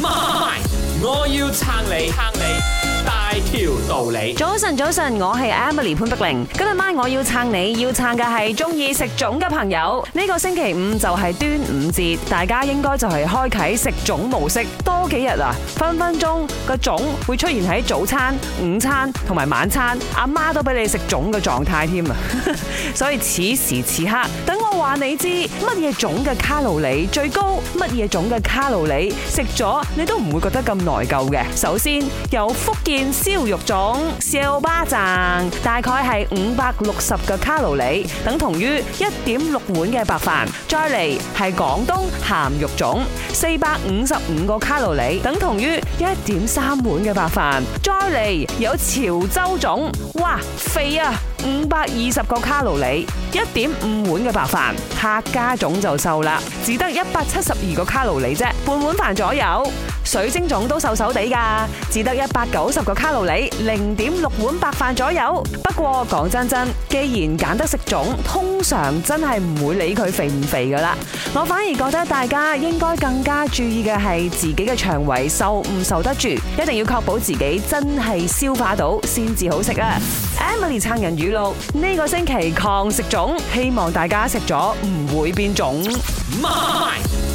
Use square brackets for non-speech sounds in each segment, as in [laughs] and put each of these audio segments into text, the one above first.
媽咪，我要撐你，撐你大條道理。早晨，早晨，我係 Emily 潘碧玲。今日晚我要撐你，要撐嘅係中意食粽嘅朋友。呢個星期五就係端午節，大家應該就係開啟食粽模式。多幾日啊，分分鐘個粽會出現喺早餐、午餐同埋晚餐。阿媽都俾你食粽嘅狀態添啊！ [laughs] 所以此時此刻，等我話你知乜嘢粽嘅卡路里最高，乜嘢粽嘅卡路里食咗你都唔會覺得咁內疚嘅。首先有福建燒肉粽燒巴讚，大概係五百六十個卡路里，等同於一點六碗嘅白飯。再嚟係廣東鹹肉粽四百五十五個卡路里，等同於一點三碗嘅白飯。再嚟有潮州粽，哇肥啊！五百二十個卡路里，一點五碗嘅白飯，客家粽就瘦啦，只得一百七十二個卡路里啫，半碗飯左右。水晶粽都瘦瘦地噶，只得一百九十個卡路里，零點六碗白飯左右。不過講真真，既然揀得食粽，通常真係唔會理佢肥唔肥噶啦。我反而覺得大家應該更加注意嘅係自己嘅腸胃受唔受得住，一定要確保自己真係消化到先至好食啊。Emily 撐人魚。呢個星期狂食粽，種希望大家食咗唔會變粽。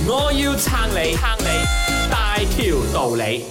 我要撐你，撐你大條道理。